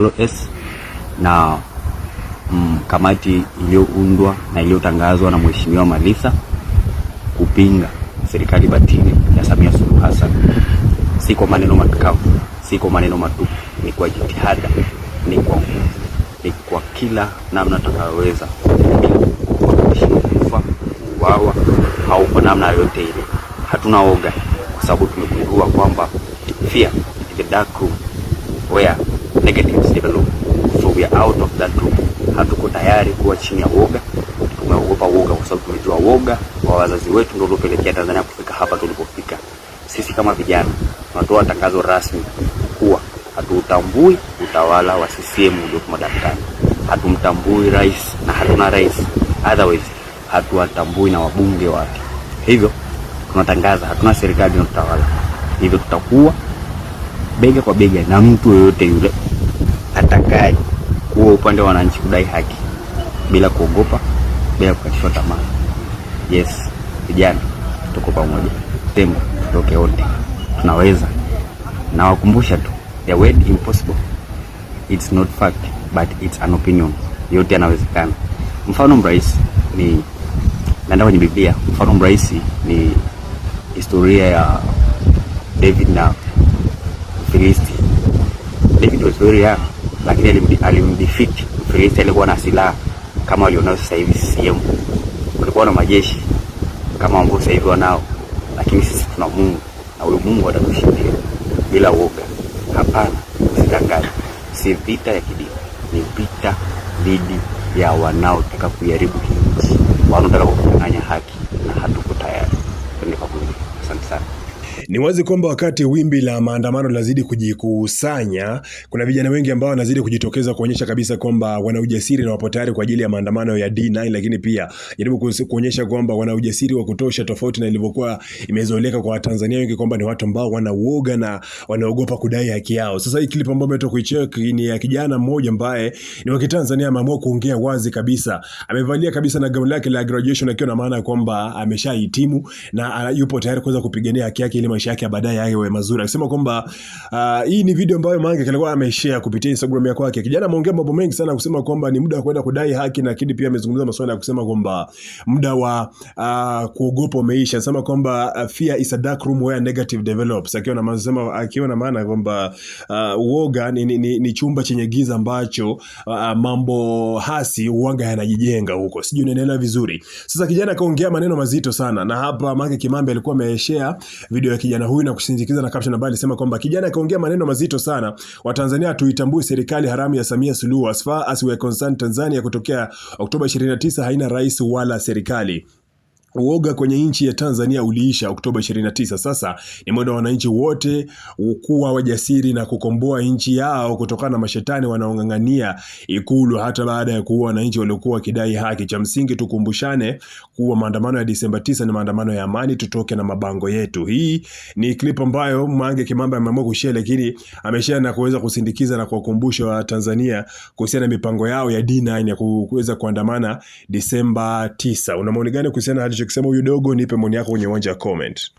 LS na mm, kamati iliyoundwa na iliyotangazwa na Mheshimiwa Malisa kupinga serikali batili ya Samia Suluhu Hassan, si kwa maneno makavu, si kwa maneno matupu, ni kwa jitihada, ni kwa ni kwa kila namna tutakayoweza kuhakikisha kufa, kuuawa au kwa namna yoyote ile hatuna oga, kwa sababu tumegundua kwamba fear is the dark room where negative negatives develop. So we are out of that group. Hatuko tayari kuwa chini ya woga, tumeogopa woga kwa sababu tumejua woga wa wazazi wetu ndio uliopelekea Tanzania kufika hapa tulipofika. Sisi kama vijana tunatoa tangazo rasmi kuwa hatutambui utawala wa CCM uliopo madarakani, hatumtambui rais na hatuna rais, otherwise hatuwatambui na wabunge wake. Hivyo tunatangaza hatuna serikali na utawala, hivyo tutakuwa bega kwa bega na mtu yoyote yule atakaye kuwa upande wa wananchi kudai haki bila kuogopa, bila kukatishwa tamaa. Yes, vijana tuko pamoja, tembo tutoke wote, tunaweza. Nawakumbusha tu the word impossible it's not fact but it's an opinion, yote yanawezekana. Mfano mrahisi ni naenda kwenye Biblia, mfano mrahisi ni historia ya David na Mfilisti. David was very young, lakini alimdefeat Mfilisti alikuwa na silaha kama walionao sasa hivi CCM. Walikuwa na majeshi kama ambao sasa hivi wanao, lakini sisi tuna Mungu na huyo Mungu atakushindia bila woga. Hapana, usidanganye. Si vita ya kidini, ni vita dhidi ya wanaotaka kuiharibu hii nchi, wanaotaka kukanganya haki. Ni wazi kwamba wakati wimbi la maandamano linazidi kujikusanya, kuna vijana wengi ambao wanazidi kujitokeza kuonyesha kabisa kwamba wana ujasiri na wapo tayari kwa ajili ya maandamano ya D9, lakini pia jaribu kuonyesha kwamba wana ujasiri wa kutosha, tofauti na ilivyokuwa imezoeleka kwa Watanzania wengi kwamba ni watu ambao wana uoga na wanaogopa kudai haki yao. Sasa hii clip ambayo imetoka kuicheck ni ya kijana mmoja ambaye ni wa Kitanzania, ameamua kuongea wazi kabisa. Amevalia kabisa na gauni lake la graduation, akiwa na maana kwamba ameshahitimu na yupo tayari kuweza kupigania haki yake ili maisha yake ya baadaye yawe mazuri, akisema kwamba uh, hii ni video ambayo Mange alikuwa ameshare kupitia Instagram yake kwake. Kijana ameongea mambo mengi sana, kusema kwamba ni muda wa kwenda kudai haki, na kidi pia amezungumza masuala ya kusema kwamba muda wa uh, kuogopa umeisha. Anasema kwamba uh, fear is a dark room where negative develops, akiwa na maana akiwa na maana kwamba uh, uoga ni, ni, ni, ni chumba chenye giza ambacho uh, mambo hasi uanga yanajijenga huko, sijui unaelewa vizuri. Sasa kijana kaongea maneno mazito sana, na hapa Mange Kimambi alikuwa ameshare video ya kijana huyu na kusindikiza na caption ambayo alisema kwamba kijana akaongea maneno mazito sana, Watanzania tuitambue serikali haramu ya Samia Suluhu, as far as we are concerned Tanzania kutokea Oktoba 29 haina rais wala serikali. Uoga kwenye nchi ya Tanzania uliisha Oktoba 29. Sasa ni muda wa wananchi wote kuwa wajasiri na kukomboa nchi yao kutokana na mashetani wanaong'ang'ania Ikulu hata baada ya kuua wananchi waliokuwa wakidai haki. Cha msingi tukumbushane kuwa maandamano ya Disemba 9 ni maandamano ya amani, tutoke na mabango yetu. Hii ni clip ambayo Mange Kimamba ameamua kushare, lakini ameshare na kuweza kusindikiza na kuwakumbusha wa Tanzania kuhusiana na mipango yao ya D9 ya kuweza kuandamana Disemba 9. Una maoni gani kuhusiana na unachokisema huyu dogo, nipe maoni yako kwenye uwanja wa comment.